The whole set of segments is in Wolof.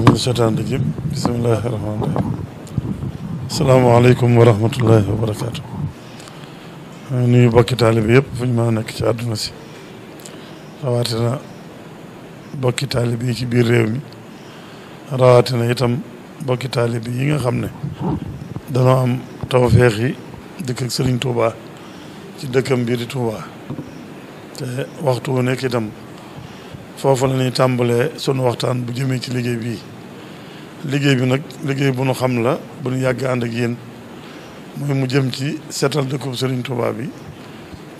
min sheytaan rajim bismillahi rahmaani rahim asalaamaaleykum wa rahmatullahi barakaatu nuyu bokki taalibe yëpp fu ñu mën nekk ci àdduna si rawatina bokki taalibe yi ci biir réew mi rawatina itam bokki taalibe yi nga xam ne danoo am tawfeex yi dëkk Sëriñ Tuubaa ci dëkkam bii di Tuubaa te waxtu wu nekk foofu la ñuy tàmbalee sunu waxtaan bu jëmee ci liggéey bi liggéey bi nag liggéey bu nu xam la bu nu yàgg ànd ak yéen mooy mu jëm ci seetal dëkkub sëriñ Touba bi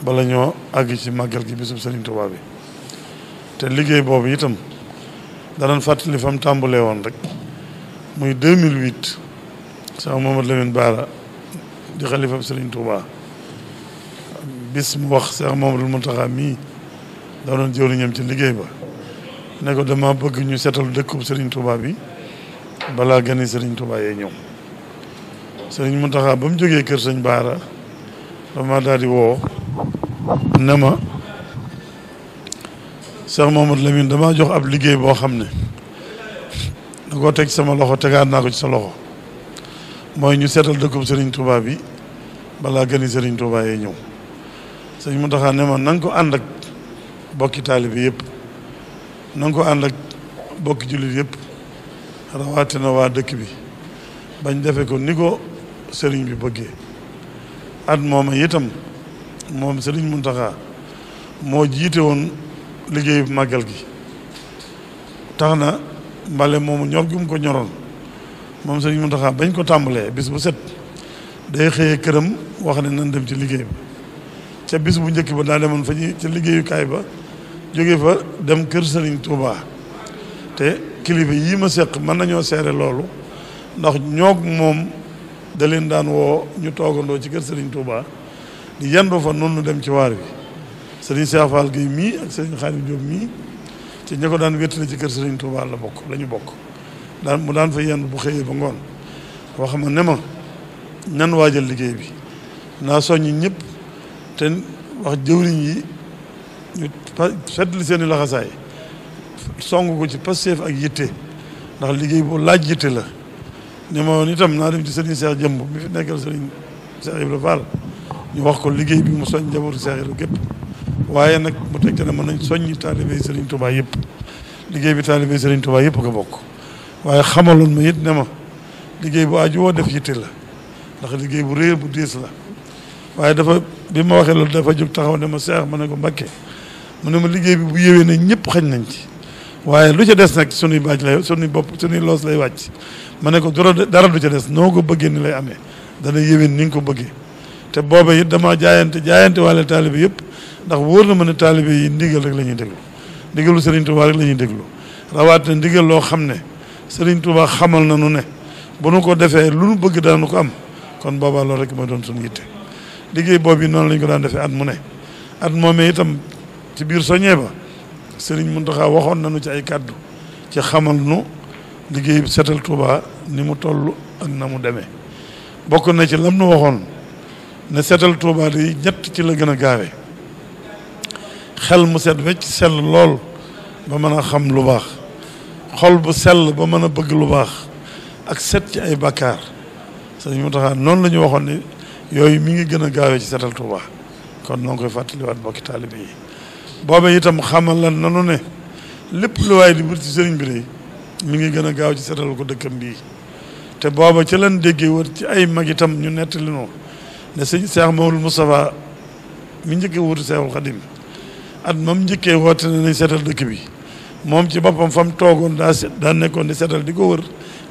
bala ñoo àgg ci màggal gi bisu Serigne Touba bi te liggéey boobu itam danañ fàttali fa mu tàmbalee woon rek muy 2008 sama Mamadou Lamine Baara di xalifab Serigne Touba bis mu wax Cheikh Mamadou Mountakha mii doonoon jëwriñam ci liggéey ba ne ko dama bëgg ñu setal dëkkub Serigne Touba bi balaa gani Serigne Touba yee ñëw Serigne Mountakha ba mu jógee kër sëñ Baara dama daal di woo ma Cheikh Mamadou Lamine damaa jox ab liggéey boo xam ne da koo teg sama loxo tegaat naa ko ci sa loxo mooy ñu seetal dëkkub Serigne Touba bi balaa gani Serigne Touba yee ñëw sëñ Mountakha ne ma na ko ànd ak bokki taalibe yëpp. na nga ko ànd ak bokki jullit yëpp rawatina waa dëkk bi bañ defe ko ni ko sëriñ bi bëggee at mooma itam moom sëriñ Muntaxa moo jiite woon liggéeyu màggal gi tax na mbale moomu ñor gum ko ñoroon moom sëriñ Muntaxa bañ ko tàmbalee bis bu set day xëye këram wax ne nan dem ci liggéey ba ca bis bu njëkk ba daa demoon fa ca liggéeyukaay ba jóge fa dem kër Serigne Touba te kilifa yii ma seq mën nañoo seere loolu ndax ñoog moom da leen daan woo ñu toogandoo ci kër Serigne Touba di yendoo fa noonu dem ci waar bi Serigne Cheikh Fall Gueye mii ak Serigne Khadim Diop mii ci ña ko daan wéttale ci kër Serigne Touba la bokk lañu bokk daan mu daan fa yendu bu xëyee ba ngoon wax ma ne ma nan waajal liggéey bi naa soññi ñëpp te wax jëwriñ yi ñu feddali seen i laxasaay song ko ci passeef ak yitte ndax liggéey boo laaj yitte la ne ma woon itam naa dem ci sëriñ Cheikh jëmb mi fi nekkal sëriñ Cheikh Ibrahima Fall ñu wax ko liggéey bi mu soñ njabootu Cheikh Ibrahima gépp waaye nag mu teg te ne mën nañ soññi taalibey sëriñ Touba yëpp liggéey bi taalibey sëriñ Touba yëpp ko bokk waaye xamaloon ma it ne ma liggéey bu aju woo def yitte la ndax liggéey bu réer bu diis la waaye dafa bi ma waxee loolu dafa jóg taxaw ne ma Cheikh ma ne ko Mbacké mu ne ma liggéey bi bu yéwee na ñëpp xañ nañ ci waaye lu ca des nag sunuy baaj lay sunuy bopp sunuy loos lay wàcc ma ne ko dara du ca des noo ko bëggee ni lay amee dana yéwee ni nga ko bëggee te booba it dama jaayante jaayante waale taalibe yëpp ndax wóor na ma ne taalibe yi ndigal rek la ñuy déglu ndigalu Serigne Touba rek la ñuy déglu rawaat na ndigal loo xam ne Serigne Touba xamal na nu ne bu nu ko defee lu nu bëgg daanu ko am kon boobaa loolu rek ma doon suñu yitte liggéey boobu yi noonu la ko daan defee at mu ne at moomee itam ci biir soññee ba Serigne Mountakha waxoon nañu ci ay kàddu ci xamal nu liggéey bi setal Touba ni mu toll ak na mu demee bokk na ci lam nu waxoon ne setal Touba di ñett ci la gën a gaawe xel mu set wecc sell lool ba mën a xam lu baax xol bu sell ba mën a bëgg lu baax ak set ci ay bakkaar Serigne Mountakha noonu la ñu waxoon ni yooyu mu ngi gën a gaawe ci setal Touba kon noo ngi koy fàttaliwaat mbokki taalibe yi booba itam xamal la nanu ne lépp lu waaye di wut ci sëriñ bi rek mu ngi gën a gaaw ci setal ko dëkkam bii te booba ci lan déggee wër ci ay mag itam ñu nettali noo ne sëñ Cheikh Mawlul Moustapha mi njëkkee wutu Cheikhul Khadim at moom njëkkee woote ne nañ setal dëkk bi moom ci boppam fa mu toogoon daa daa nekkoon di setal di ko wër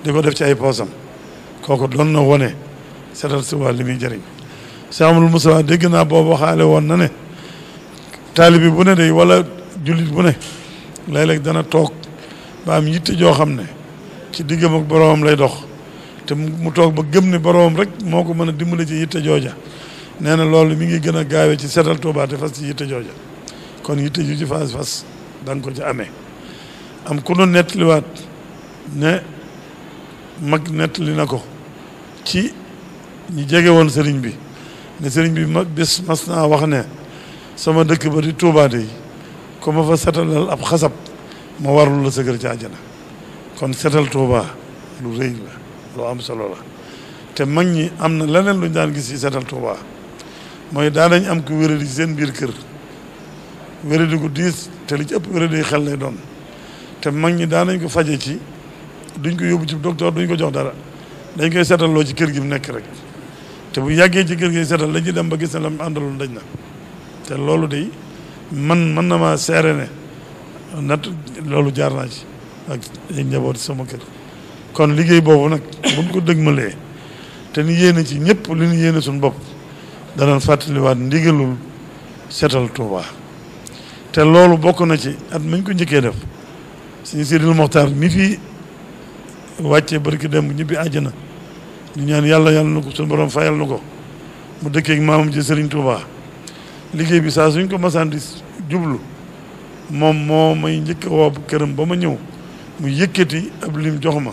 di ko def ci ay poosam kooku doon na wone setal si wàll li muy jëriñ Cheikh Mawlul Moustapha dégg naa boobu xaale woon na ne taalibi bu ne day wala jullit bu ne léeg-léeg dana toog ba am yitte joo xam ne ci diggam ak boroomam lay dox te mu toog ba gëm ne boroomam rek moo ko mën a dimbale ci yitte jooja nee na loolu mi ngi gën a gaawee ci seetal Tuubaa te fas ci yitte jooja kon yitte ju ci fas fas da ko ci amee am ku nu nettaliwaat ne mag nettali na ko ci ñi jege woon sëriñ bi ne sëriñ bi ma bés mas naa wax ne sama dëkk ba di Touba dey ku ma fa setalal ab xasab ma warul la sëgër ci àjjana kon setal Touba lu rëy la lu am solo la te mag ñi am na leneen luñ daan gis ci setal Touba mooy daa dañ am ku wéradi seen biir kër wéradi ku diis te li ci ëpp wéradi xel lay doon te mag ñi daa nañ ko faje ci duñ ko yóbbu ci docteur duñ ko jox dara dañ koy seetal loo ci kër gi mu nekk rek te bu yàggee ci kër gi seetal dañuy dem ba gis ne la mu àndaloon dañ na te loolu de man man na maa seere ne nat loolu jaar naa ci ak njaboot sama kër kon liggéey boobu nag buñ ko dëgmalee te nu yéene ci ñëpp li ñu yéene suñ bopp danañ fàttaliwaat ndigalul seetal Tuuba te loolu bokk na ci at mañ ko njëkkee def suñu Sidil Moxtaar mi fi wàccee barki dem ñibbi àjj na ñu ñaan yàlla yàlla na ko suñu borom fayal na ko mu dëkkee ak maamam ji Sëriñ Tuuba liggéey bi saa suñ ko masaan di jublu moom moo may njëkk a woo këram ba ma ñëw mu yëkkati ab lim jox ma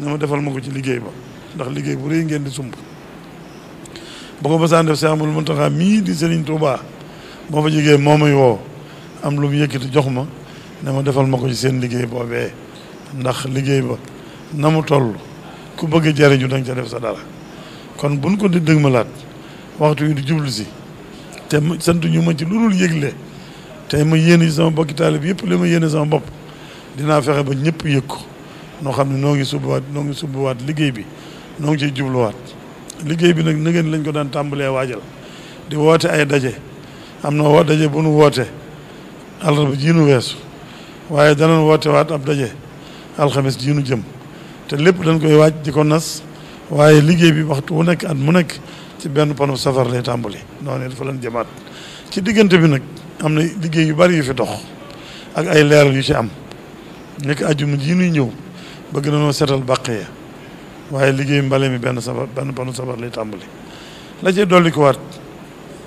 ne ma defal ma ko ci liggéey ba ndax liggéey bu rëy ngeen di sumb ba ko masaan def Cheikh Amadou Mountakha mii di Serigne moo fa jógee moo may woo am lu mu yëkkati ma ne defal ma ko ci seen liggéey boobee ndax liggéey ba na mu toll ku bëgg jariñu danga ca def sa dara kon buñ ko di dëgmalaat waxtu wi di jublu si te santu ñu ma ci lu dul yëgle tey ma yéene ci sama bokki taalib yëpp li ma yéene sama bopp dinaa fexe ba ñëpp yëg ko noo xam ne noo ngi subuwaat noo ngi subuwaat liggéey bi noo ngi ciy jubluwaat liggéey bi nag na ngeen lañ ko daan tàmbalee waajal di woote ay daje am na woo daje bu nu woote àllarba jiinu weesu waaye danañ woote waat ab daje alxames jiinu jëm te lépp dañ koy waaj di ko nas waaye liggéey bi waxtu wu nekk at mu nekk ci benn panu safar lay tàmbali noonu dafa leen jëmaat ci diggante bi nag am na liggéey yu bari yu fi dox ak ay leeral yu ci am nekk aju ji nuy ñëw bëgg na noo seetal bàq ya waaye liggéey mbale mi benn safar benn panu safar lay tàmbali la cee dolli ko waat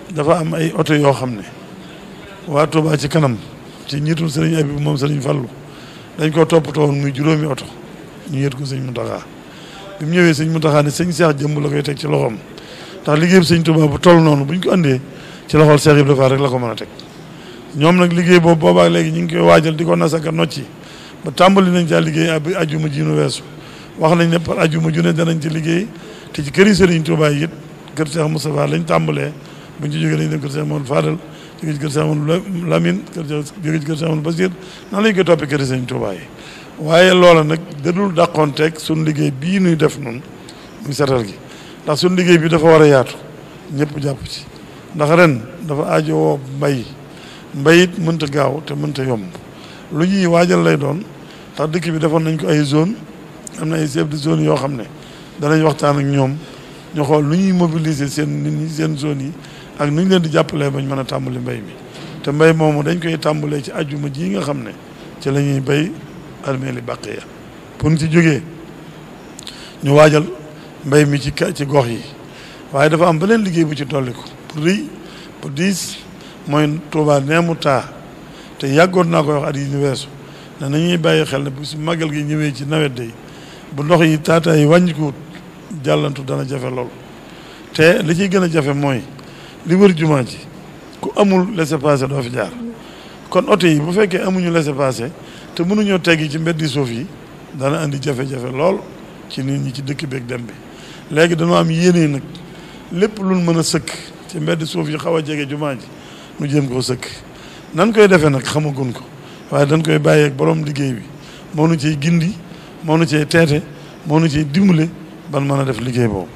dafa am ay oto yoo xam ne waa Touba ci kanam ci njiitul sëriñ bi moom sa sëriñ Fallu dañ koo toppatoo woon muy juróomi oto ñu yët ko sëñ Muntaxa bi mu ñëwee sëñ Muntaxa ne sëñ Seex jëmb la koy teg ci loxoom ndax liggéeyam sëñ Tuubaa bu toll noonu buñ ko andee ci loxol Cheikh Ibrahima Fall rek la ko mën a teg ñoom nag liggéey boobu boobaa léegi ñu ngi koy waajal di ko nasaka nocci ba tàmbali nañ caa liggéey ab ajuma ji nu weesu wax nañ ne par ajuma ju ne danañ ci liggéey te ci këri Sëriñ Tuubaa yi it kër Cheikh Moustapha lañ tàmbalee buñ ci jógee dañ dem kër Cheikh Mamadou Fadal jóge ci kër Cheikh Mamadou Lamine kër jóge ci kër Cheikh Mamadou Basir nan lañ koy toppee këri Sëriñ Tuubaa yi waaye loola nag dadul daqoon teg suñu liggéey bii nuy def noonu muy setal gi ndax suñu liggéey bi dafa war a yaatu ñëpp jàpp ci ndax ren dafa aajowoo mbay mbayit mënta gaaw te mënta yomb lu ñuy waajal lay doon ndax dëkk bi defoon nañ ko ay zone am na ay chef de zone yoo xam ne danañ waxtaan ak ñoom ñu xool lu ñuy mobiliser seen nit ñi seen zone yi ak nu ñu leen di jàppalee bañ mën a tàmbali mbay mi te mbay moomu dañ koy tàmbalee ci ajjuma ji nga xam ne ci la ñuy bay armée li bàq pour ñu ci jógee ñu waajal mbay mi ci ci gox yi waaye dafa am beneen liggéey bu ci dolli ko pour rëy pour diis mooy Touba neemu taa te yàggoon naa ko wax at yi ñu weesu ne nañuy bàyyi xel ne bu si màggal gi ñëwee ci nawet day bu ndox yi taataay yi wàññikuwut jàllantu dana jafe lool te li ciy gën a jafe mooy li wër jumaa ji ku amul laissez-passer doo fi jaar kon oto yi bu fekkee amuñu laissez-passer te mënuñoo teggi ci mbeddi suuf yi dana indi jafe-jafe lool ci nit ñi ci dëkk dem bi léegi dañoo am yéene nag lépp luñ mën a sëkk ci mbedd suuf yi xaw a jege jumaa ji nu jéem koo sëkk nan koy defee nag xamagun ko waaye dañ koy bàyyeeg borom liggéey bi moo nu ciy gindi moo nu ciy teete moo nu ci dimbale ban mën a def liggéey boobu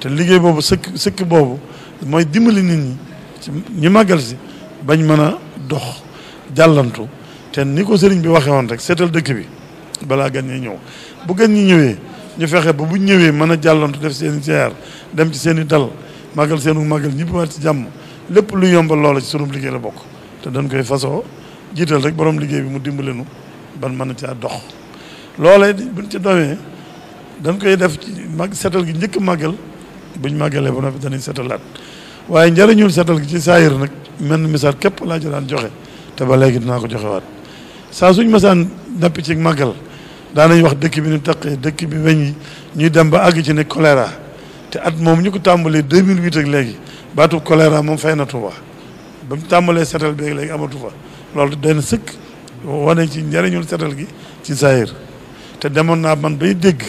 te liggéey boobu sëkk sëkk boobu mooy dimbali nit ñi ci ñu màggal si bañ mën a dox jàllantu te ni ko sëriñ bi waxee woon rek seetal dëkk bi balaa gan ñi ñëw bu gan ñi ñëwee ñu fexe ba bu ñëwee mën a jàllantu def seen i dem ci seen i dal màggal seenu màggal ñibbiwaat ci jàmm lépp lu yombal loola ci sunub liggéey la bokk te dañ koy fasoo jiital rek borom liggéey bi mu dimbalenu ban mën a caa dox loolee buñ ci doyee dan koy def ci mag setal gi njëkk màggal buñ màggalee ba noppi danañ setalaat waaye njëriñul setal gi ci saayir nag mel ni misaal képp laa ci daan joxe te ba léegi dinaa ko joxewaat saa suñ masaan nappi ci màggal daanañ wax dëkk bi ni taqee dëkk bi weñ yi ñuy dem ba àgg ci ne choléra te at moom ñu ko tàmbalee 2008 ak léegi baatu choléra moom fay na Tuuba ba mu setal bi léegi amatu fa loolu den sëkk wane ci njëriñul setal gi ci zahir te demoon naa man bay dégg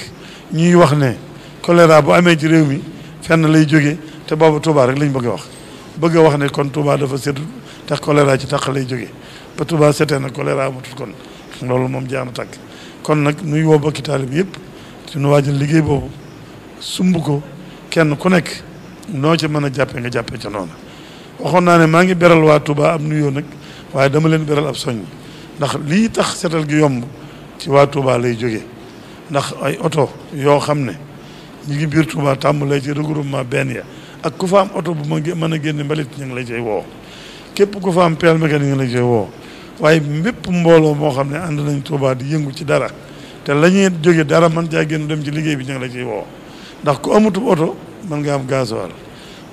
ñuy wax ne choléra bu amee ci réew mi fenn lay jógee te boobu Tuuba rek lañ bëgg a wax bëgg a wax ne kon Tuuba dafa setul tax choléra ci tax lay jógee ba Tuuba setee na choléra kon loolu moom jaana tàkk kon nag nuy woo bokki taalib yëpp di nu waajal liggéey boobu sumb ko kenn ku nekk noo ci mën a jàppe nga jàppe ca noona waxoon naa ne maa ngi beral waa Touba am nuyoo nag waaye dama leen beral ab soññ ndax lii tax setal gi yomb ci waa Touba lay jóge ndax ay oto yoo xam ne ñu ngi biir Touba tàmbalee ci regroupement benn ya ak ku fa am oto bu ma mën a génne mbalit ñu ngi la cay woo képp ku fa am pelle mécanique nga la woo waaye mépp mbooloo moo xam ne ànd nañ Touba di yëngu ci dara te la ñuy jóge dara man jaa génn dem ci liggéey bi ñu ngi la ciy woo ndax ku amutub oto mën nga am gasoil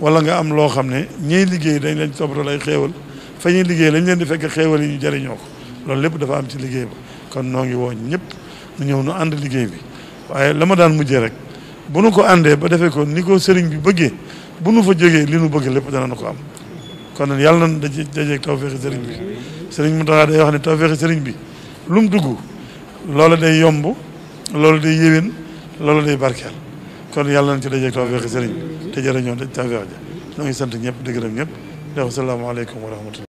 wala nga am loo xam ne ñiy liggéey dañ leen toppatoo ay xéewal fa ñuy liggéey lañ leen di fekk xéewal yi ñu jëriñoo ko loolu lépp dafa am ci liggéey ba kon noo ngi woo ñëpp nu ñëw nu ànd liggéey bi waaye la ma daan mujjee rek bu nu ko àndee ba defee ko ni ko sëriñ bi bëggee bu nu fa jógee li nu bëgg lépp dana na ko am kon nag yàlla nañ daje dajeeg tawféexi sëriñ bi sëriñ Mountakha day wax ne tawféexi sëriñ bi lu mu dugg loola day yomb loolu day yéwén loolu day barkeel kon yàlla na ci dajeeg tawféexi sëriñ bi ñoo jërëjëf tawféex ja ñoo ngi sant ñëpp di gërëm ñëpp di wax salaamaaleykum wa